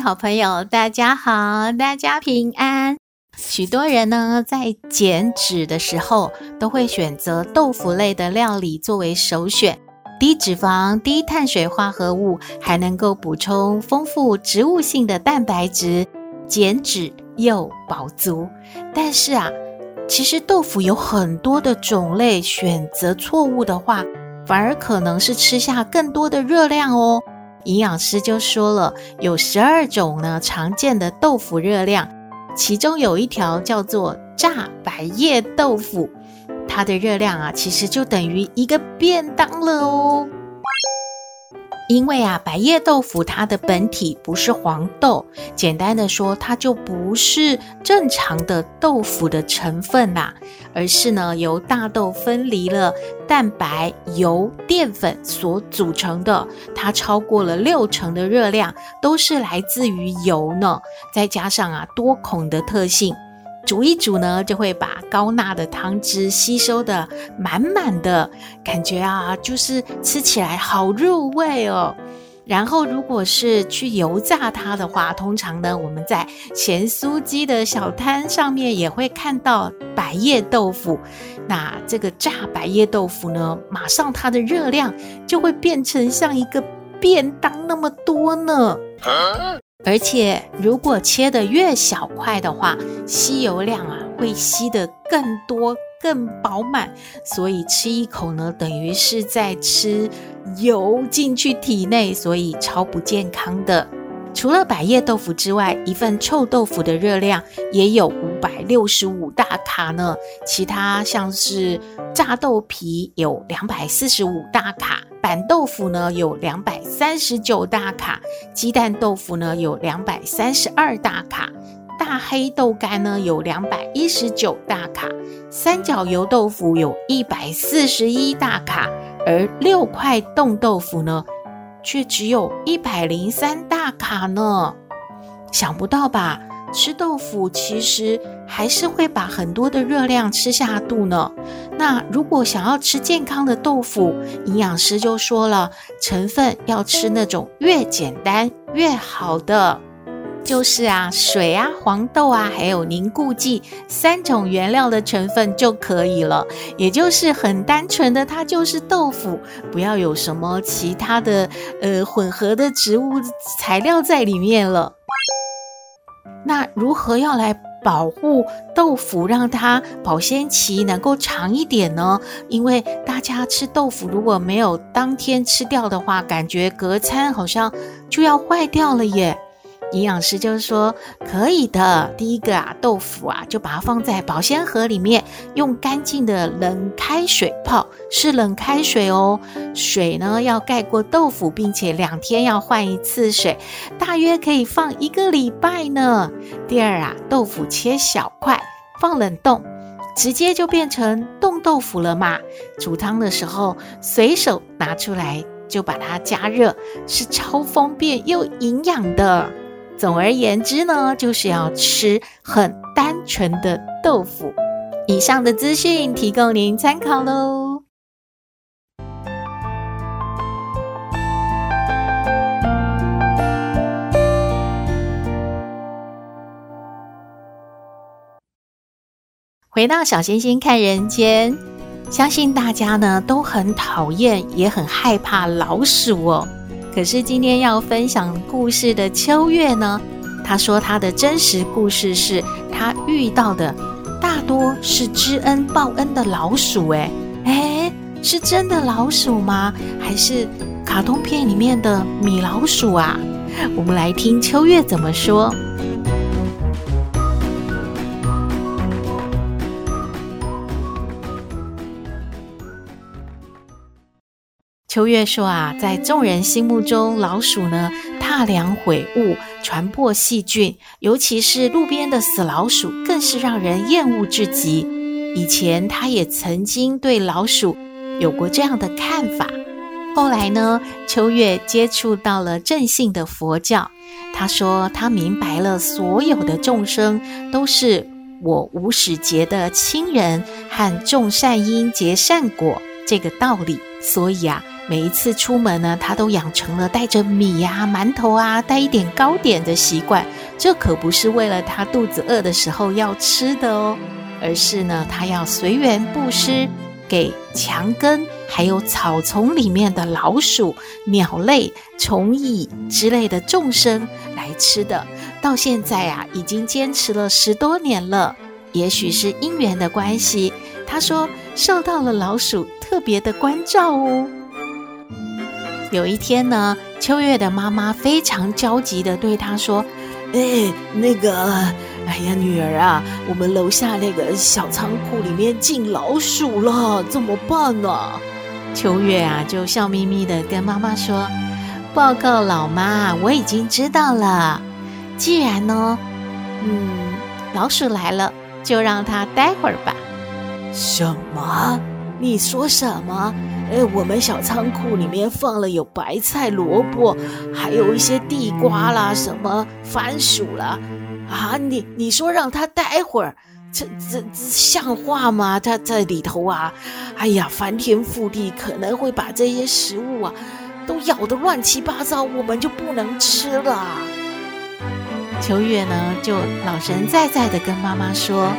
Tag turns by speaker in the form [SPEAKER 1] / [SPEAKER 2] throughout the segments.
[SPEAKER 1] 好朋友，大家好，大家平安。許多人呢在減脂的時候，都會選擇豆腐類的料理作為首選，低脂肪、低碳水化合物，還能夠補充豐富植物性的蛋白質，減脂又飽足。但是啊，其實豆腐有很多的種類，選擇錯誤的話，反而可能是吃下更多的熱量哦。營養師就說了，有十二種呢常見的豆腐熱量，其中有一條叫做炸百葉豆腐，它的熱量啊，其實就等於一個便當了哦。因為啊，百葉豆腐它的本體不是黃豆，簡單的說，它就不是正常的豆腐的成分啦，啊，而是呢由大豆分離了蛋白、油、澱粉所組成的。它超過了六成的熱量都是來自於油呢，再加上啊多孔的特性。煮一煮呢，就會把高鈉的湯汁吸收得滿滿的感覺啊，就是吃起來好入味哦。然後如果是去油炸它的話，通常呢，我們在鹹酥雞的小攤上面也會看到百葉豆腐。那這個炸百葉豆腐呢，馬上它的熱量就會變成像一個便當那麼多呢。啊而且，如果切得越小塊的話，吸油量啊會吸得更多、更飽滿，所以吃一口呢，等於是在吃油進去體內，所以超不健康的。除了百葉豆腐之外，一份臭豆腐的熱量也有五百六十五大卡呢，其他像是炸豆皮有兩百四十五大卡。板豆腐呢有兩百三十九大卡，雞蛋豆腐呢有兩百三十二大卡，大黑豆乾呢有兩百一十九大卡，三角油豆腐有一百四十一大卡，而六塊凍豆腐呢卻只有一百零三大卡呢，想不到吧？吃豆腐其實還是會把很多的熱量吃下肚呢。那如果想要吃健康的豆腐，營養師就說了，成分要吃那種越簡單越好的，就是啊，水啊、黃豆啊，還有凝固劑三種原料的成分就可以了。也就是很單純的，它就是豆腐，不要有什麼其他的呃混合的植物材料在裡面了。那如何要來保護豆腐，讓它保鮮期能夠長一點呢？因為大家吃豆腐如果沒有當天吃掉的話，感覺隔餐好像就要壞掉了耶。營養師就是說可以的。第一個啊，豆腐啊，就把它放在保鮮盒裡面，用乾淨的冷開水泡，是冷開水哦。水呢要蓋過豆腐，並且兩天要換一次水，大約可以放一個禮拜呢。第二啊，豆腐切小塊放冷凍，直接就變成凍豆腐了嘛。煮湯的時候隨手拿出來就把它加熱，是超方便又營養的。總而言之呢，就是要吃很單純的豆腐。以上的資訊提供您參考嘍。回到小星星看人間，相信大家呢都很討厭，也很害怕老鼠哦、喔。可是今天要分享故事的秋月呢，他說他的真實故事是他遇到的大多是知恩報恩的老鼠，欸，誒，誒，是真的老鼠嗎？還是卡通片裡面的米老鼠啊？我們來聽秋月怎麼說。秋月說：“啊，在眾人心目中，老鼠呢踏糧毀物，傳播細菌，尤其是路邊的死老鼠，更是讓人厭惡至極。以前他也曾經對老鼠有過這樣的看法。後來呢，秋月接觸到了正信的佛教，他說他明白了所有的眾生都是我無始劫的親人，和種善因結善果這個道理。所以啊。”每一次出門呢，他都養成了帶着米呀、啊、饅頭啊，帶一點糕點的習慣。這可不是為了他肚子餓的時候要吃的哦，而是呢，他要隨緣布施給牆根還有草叢裡面的老鼠、鳥類、蟲蟻之類的眾生來吃的。到現在啊，已經堅持了十多年了。也許是因緣的關係，他說受到了老鼠特別的關照哦。有一天呢，秋月的媽媽非常焦急地對她說：“哎，那個，哎呀，女兒啊，我們樓下那個小倉庫裡面進老鼠了，怎麼辦呢？”秋月啊，就笑眯眯地跟媽媽說：“報告老媽，我已經知道了。既然呢，嗯，老鼠來了，就讓它待會兒吧。”什麼？你說什麼？哎，我們小倉庫裡面放了有白菜、蘿蔔，還有一些地瓜啦、什麼番薯啦，啊，你你說讓他待會兒，這這這像話嗎？他在裡頭啊，哎呀，翻天覆地，可能會把這些食物啊，都咬得亂七八糟，我們就不能吃了。秋月呢，就老神在在的跟媽媽說：“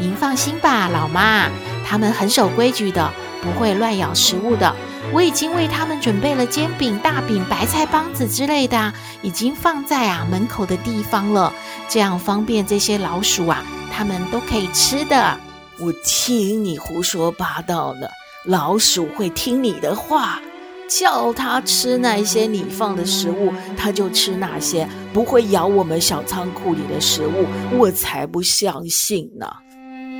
[SPEAKER 1] 您放心吧，老媽。”他們很守規矩的，不會亂咬食物的。我已經為他們準備了煎餅、大餅、白菜幫子之類的，已經放在啊門口的地方了，這樣方便這些老鼠啊，他們都可以吃的。我聽你胡說八道呢，老鼠會聽你的話，叫它吃那些你放的食物，它就吃那些，不會咬我們小倉庫裡的食物，我才不相信呢。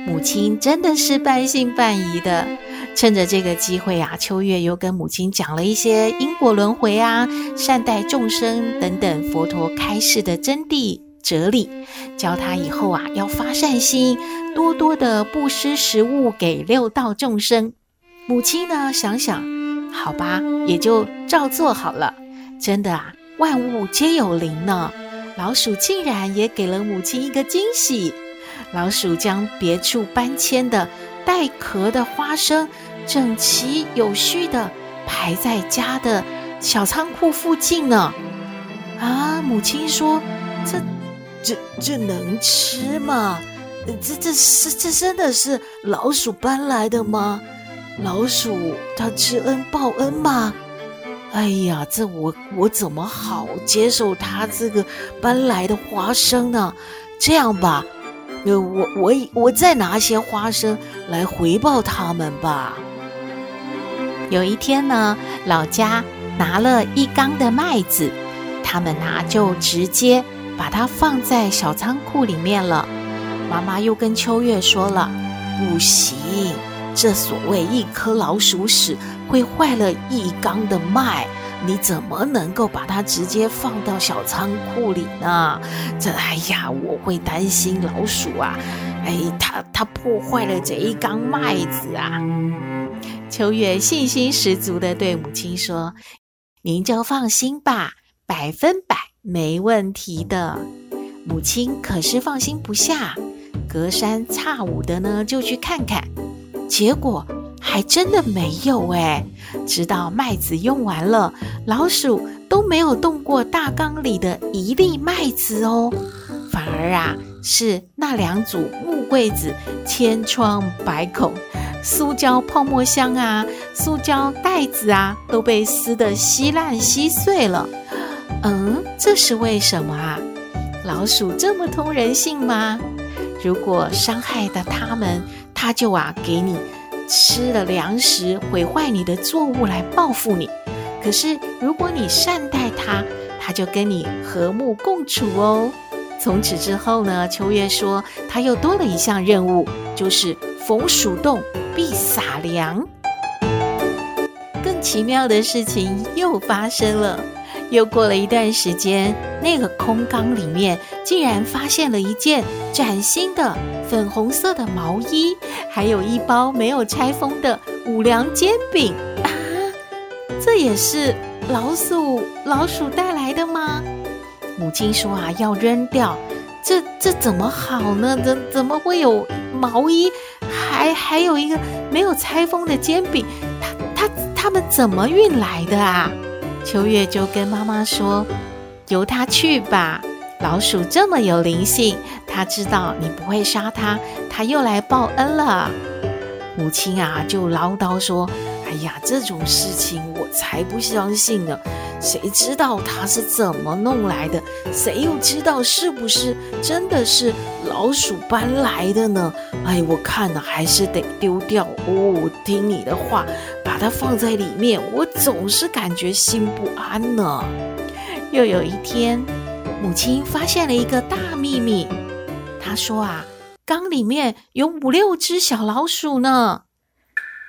[SPEAKER 1] 母親真的是半信半疑的，趁着這個機會啊，秋月又跟母親講了一些因果輪回啊、善待眾生等等佛陀開示的真諦哲理，教她以後啊要發善心，多多的布施食物給六道眾生。母親呢想想，好吧，也就照做好了。真的啊，萬物皆有靈呢。老鼠竟然也給了母親一個驚喜。老鼠將別處搬遷的帶殼的花生整齊有序的排在家的小倉庫附近呢。啊，母親說：“這、這、這能吃嗎？這、這是、這真的是老鼠搬來的嗎？老鼠它知恩報恩嗎？哎呀，這我我怎麼好接受它這個搬來的花生呢？這樣吧。”呃，我我我再拿些花生來回報他們吧。有一天呢，老家拿了一缸的麥子，他們拿就直接把它放在小倉庫裡面了。媽媽又跟秋月說了：“不行，這所謂一顆老鼠屎會壞了一缸的麥。”你怎麼能夠把它直接放到小倉庫裡呢？這哎呀，我會擔心老鼠啊！哎，它它破壞了這一缸麥子啊。嗯！秋月信心十足地對母親說：“您就放心吧，百分百沒問題的。”母親可是放心不下，隔三差五的呢就去看看，結果。還真的沒有哎，直到麥子用完了，老鼠都沒有動過大缸裡的一粒麥子哦，反而啊是那兩組木櫃子千瘡百孔，塑膠泡沫箱啊、塑膠袋子啊都被撕得稀爛稀碎了。嗯，這是為什麼啊？老鼠這麼通人性嗎？如果傷害到他們，他就啊給你。吃了糧食，毀壞你的作物來報復你。可是如果你善待它，它就跟你和睦共處哦。從此之後呢，秋月說，他又多了一項任務，就是逢鼠洞必撒糧。更奇妙的事情又發生了。又過了一段時間，那個空缸裡面竟然發現了一件嶄新的粉紅色的毛衣，還有一包沒有拆封的五糧煎餅啊！ 這也是老鼠老鼠帶來的嗎？母親說啊，要扔掉，這這怎麼好呢？怎怎麼會有毛衣？還還有一個沒有拆封的煎餅？他他他們怎麼運來的啊？秋月就跟媽媽說：“由他去吧，老鼠這麼有靈性，他知道你不會殺他，他又來報恩了。”母親啊，就嘮叨說：“哎呀，這種事情我才不相信呢。”誰知道它是怎麼弄來的？誰又知道是不是真的是老鼠搬來的呢？哎，我看呢還是得丟掉哦。聽你的話，把它放在裡面，我總是感覺心不安呢。又有一天，母親發現了一個大秘密。她說啊，缸裡面有五六只小老鼠呢。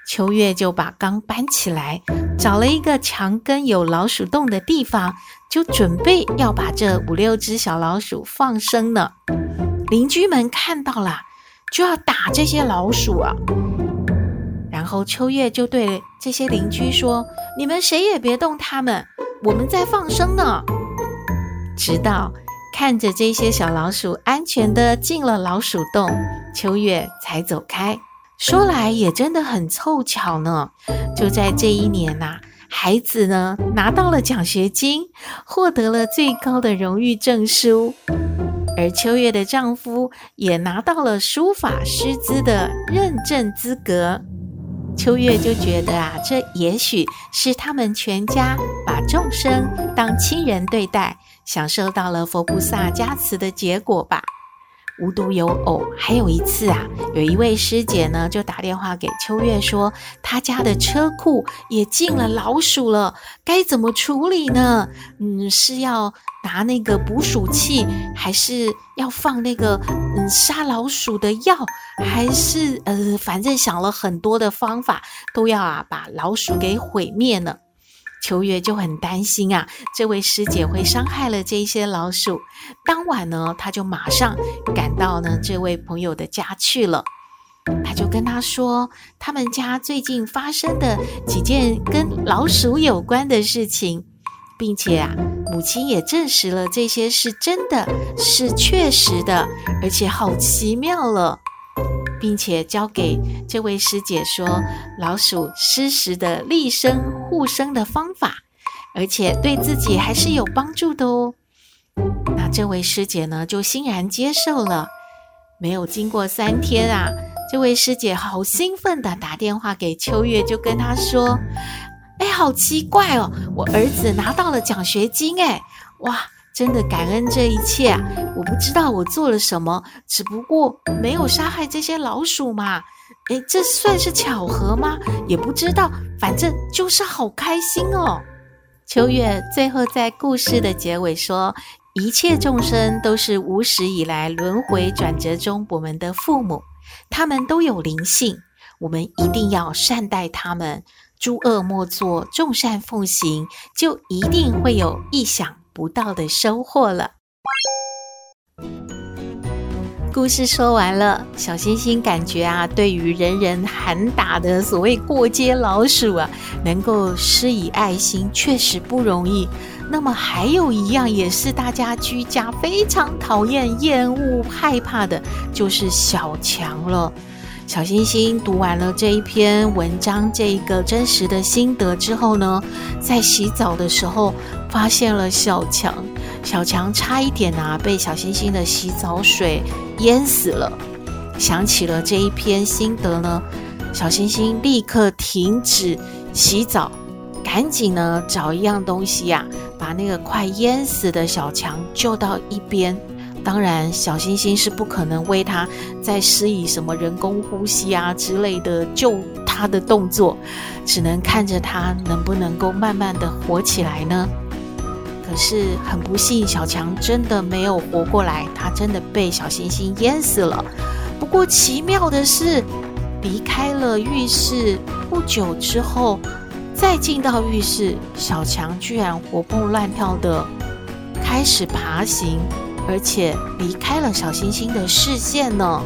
[SPEAKER 1] 秋月就把缸搬起來，找了一個牆根有老鼠洞的地方，就準備要把這五六隻小老鼠放生了。鄰居們看到了，就要打這些老鼠啊。然後秋月就對這些鄰居說：“你們誰也別動它們，我們在放生呢。”直到看着這些小老鼠安全的進了老鼠洞，秋月才走開。說來也真的很湊巧呢，就在這一年吶、啊，孩子呢拿到了獎學金，獲得了最高的榮譽證書，而秋月的丈夫也拿到了書法師資的認證資格。秋月就覺得啊，這也許是他們全家把眾生當親人對待，享受到了佛菩薩加持的結果吧。無獨有偶，還有一次啊，有一位師姐呢，就打電話給秋月說，她家的車庫也進了老鼠了，該怎麼處理呢？嗯，是要拿那個捕鼠器，還是要放那個嗯殺老鼠的藥，還是呃，反正想了很多的方法，都要啊把老鼠給毀滅呢。秋月就很擔心啊，這位師姐會傷害了這些老鼠。當晚呢，他就馬上趕到呢這位朋友的家去了。他就跟他說，他們家最近發生的幾件跟老鼠有關的事情，並且啊，母親也證實了這些是真的是確實的，而且好奇妙了。並且教給這位師姐說，老鼠適時的立身護生的方法，而且對自己還是有幫助的哦。那這位師姐呢就欣然接受了。沒有經過三天啊，這位師姐好興奮的打電話給秋月，就跟她說：“哎，好奇怪哦，我兒子拿到了獎學金誒，哇！”真的感恩這一切。啊，我不知道我做了什麼，只不過沒有殺害這些老鼠嘛。哎、欸，這算是巧合嗎？也不知道，反正就是好開心哦。秋月最後在故事的結尾說：“一切眾生都是無始以來輪迴轉折中我們的父母，他們都有靈性，我們一定要善待他們，諸惡莫作，眾善奉行，就一定會有異想。”不到的收穫了。故事說完了，小星星感覺啊，對於人人喊打的所謂過街老鼠啊，能夠施以愛心，確實不容易。那麼還有一樣，也是大家居家非常討厭、厭惡、害怕的，就是小強了。小星星讀完了這一篇文章，這一個真實的心得之後呢，在洗澡的時候發現了小強，小強差一點啊，被小星星的洗澡水淹死了。想起了這一篇心得呢，小星星立刻停止洗澡，趕緊呢，找一樣東西呀啊，把那個快淹死的小強救到一邊。當然，小星星是不可能為他再施以什麼人工呼吸啊之類的救他的動作，只能看着他能不能夠慢慢的活起來呢？可是很不幸，小強真的沒有活過來，他真的被小星星淹死了。不過奇妙的是，離開了浴室不久之後，再進到浴室，小強居然活蹦亂跳的開始爬行。而且離開了小星星的視線呢。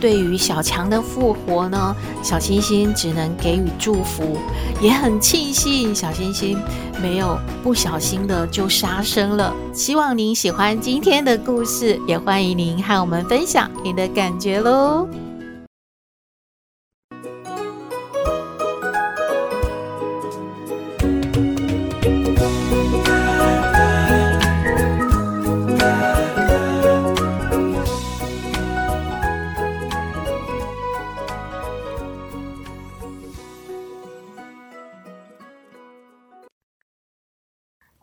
[SPEAKER 1] 對於小強的復活呢，小星星只能給予祝福，也很慶幸小星星沒有不小心的就殺生了。希望您喜歡今天的故事，也歡迎您和我們分享您的感覺嘍。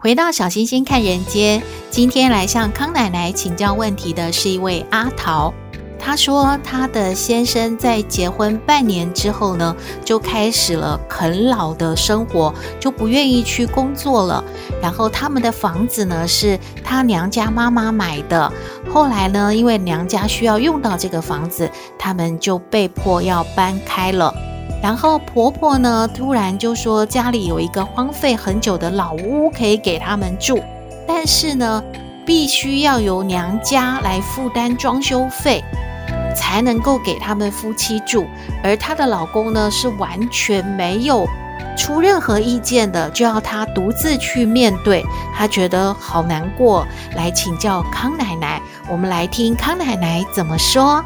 [SPEAKER 1] 回到小星星看人間，今天來向康奶奶請教問題的是一位阿桃。她說，她的先生在結婚半年之後呢，就開始了啃老的生活，就不願意去工作了。然後他們的房子呢，是她娘家媽媽買的。後來呢，因為娘家需要用到這個房子，他們就被迫要搬開了。然後婆婆呢，突然就說家裡有一個荒廢很久的老屋可以給他們住，但是呢，必須要由娘家來負擔裝修費，才能夠給他們夫妻住。而她的老公呢，是完全沒有出任何意見的，就要她獨自去面對。她覺得好難過，來請教康奶奶。我們來聽康奶奶怎麼說。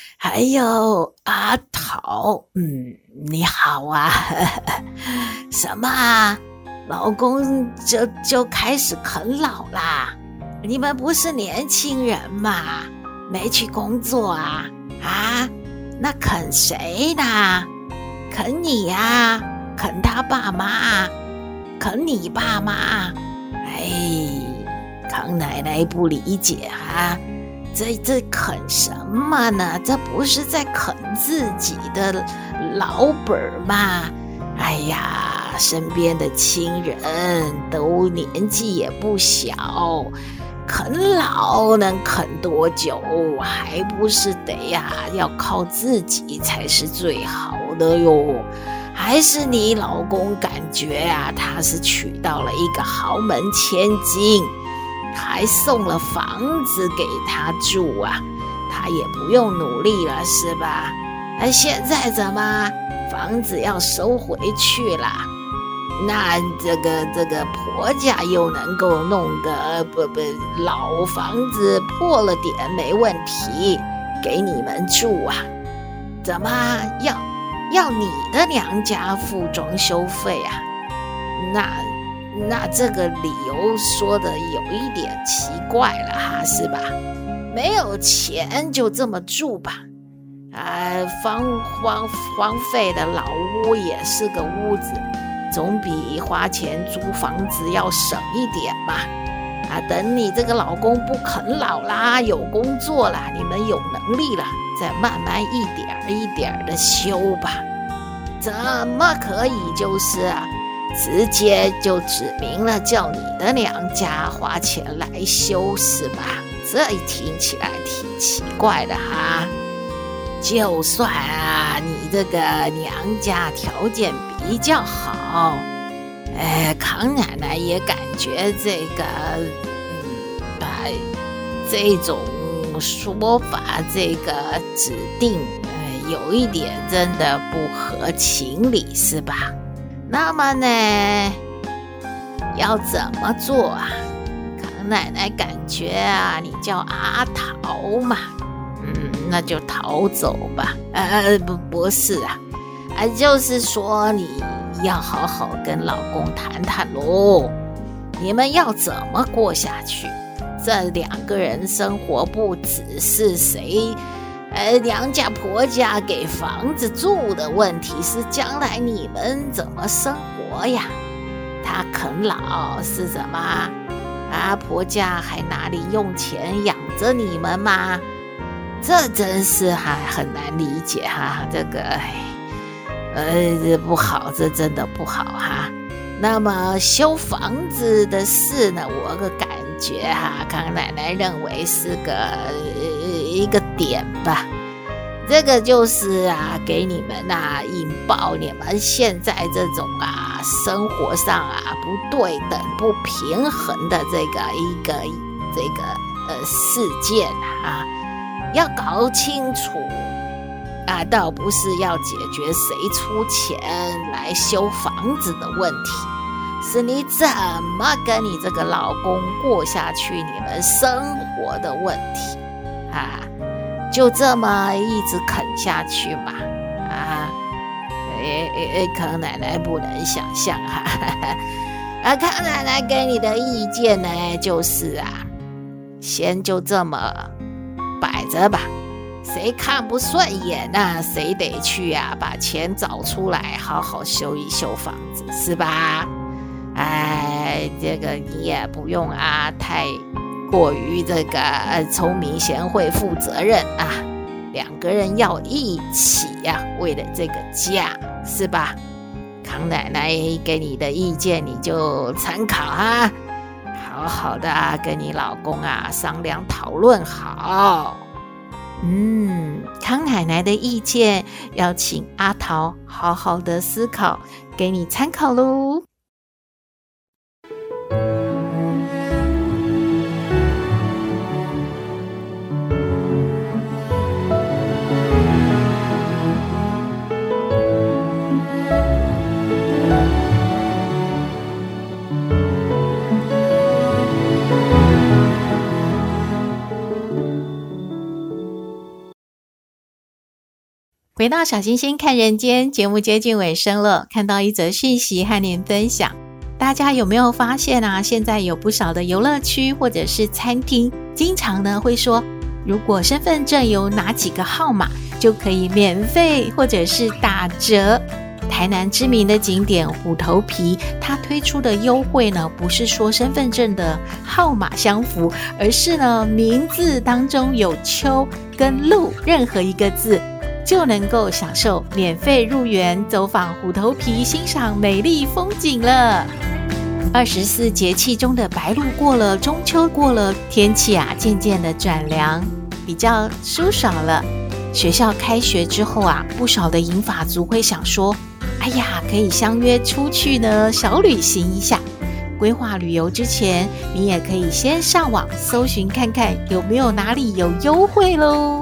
[SPEAKER 1] 還有阿桃、啊，嗯，你好啊，呵呵什麼啊，老公這就，就開始啃老啦？你們不是年輕人嘛，沒去工作啊啊？那啃誰呢？啃你啊？啃他爸媽？啃你爸媽？哎，康奶奶不理解啊。這這啃什麼呢？這不是在啃自己的老本兒嗎？哎呀，身邊的親人都年紀也不小，啃老能啃多久？還不是得呀、啊，要靠自己才是最好的喲。還是你老公感覺啊，他是娶到了一個豪門千金。還送了房子給她住啊，她也不用努力了是吧？那現在怎麼房子要收回去了？那這個這個婆家又能夠弄個不不老房子破了點沒問題，給你們住啊？怎麼要要你的娘家付裝修費啊？那。那這個理由說的有一點奇怪了哈，是吧？沒有錢就這麼住吧？啊，荒荒荒廢的老屋也是個屋子，總比花錢租房子要省一點嘛。啊，等你這個老公不啃老啦，有工作啦，你們有能力了，再慢慢一點一點的修吧。怎麼可以？就是啊。直接就指明了叫你的娘家花錢來修，是吧？這一聽起來挺奇怪的哈、啊。就算啊，你這個娘家條件比較好，哎，康奶奶也感覺這個，嗯，把這種說法這個指定，呃、嗯，有一點真的不合情理，是吧？那麼呢，要怎麼做啊？康奶奶感覺啊，你叫阿桃嘛，嗯，那就逃走吧。呃，不，不是啊，啊，就是說你要好好跟老公談談嘍，你們要怎麼過下去？這兩個人生活不只是誰。呃，娘家婆家給房子住的問題是將來你們怎麼生活呀？他啃老是什麼？啊，婆家還哪裡用錢養着你們嗎？這真是還很難理解哈，這個，呃，這不好，這真的不好哈。那麼修房子的事呢？我個感覺哈、啊，康奶奶認為是個。呃一個點吧，這個就是啊，給你們吶、啊，引爆你們現在這種啊，生活上啊不對等、不平衡的這個一個這個呃事件啊，要搞清楚啊，倒不是要解決誰出錢來修房子的問題，是你怎麼跟你這個老公過下去，你們生活的問題。啊，就這麼一直啃下去嘛？啊，誒誒誒，康奶奶不能想象哈哈哈。啊，康奶奶給你的意見呢，就是啊，先就這麼擺着吧。誰看不順眼那、啊、誰得去啊，把錢找出來，好好修一修房子，是吧？哎，這個你也不用啊，太。過於這個聰明賢惠負責任啊，兩個人要一起呀，啊，為了這個家是吧？康奶奶給你的意見你就參考哈，啊，好好的，啊、跟你老公啊商量討論好。嗯，康奶奶的意見要請阿桃好好的思考，給你參考嘍。回到小星星看人間節目接近尾聲了，看到一則訊息和您分享。大家有沒有發現啊？現在有不少的遊樂區或者是餐廳，經常呢會說，如果身份證有哪幾個號碼，就可以免費或者是打折。台南知名的景點虎頭埤，它推出的優惠呢，不是說身份證的號碼相符，而是呢名字當中有“秋”跟“鹿”任何一個字。就能夠享受免費入園、走訪虎頭皮、欣賞美麗風景了。二十四節氣中的白露過了，中秋過了，天氣啊漸漸的轉涼，比較舒爽了。學校開學之後啊，不少的銀髮族會想說：“哎呀，可以相約出去呢，小旅行一下。”規劃旅遊之前，你也可以先上網搜尋看看有沒有哪裡有優惠嘍。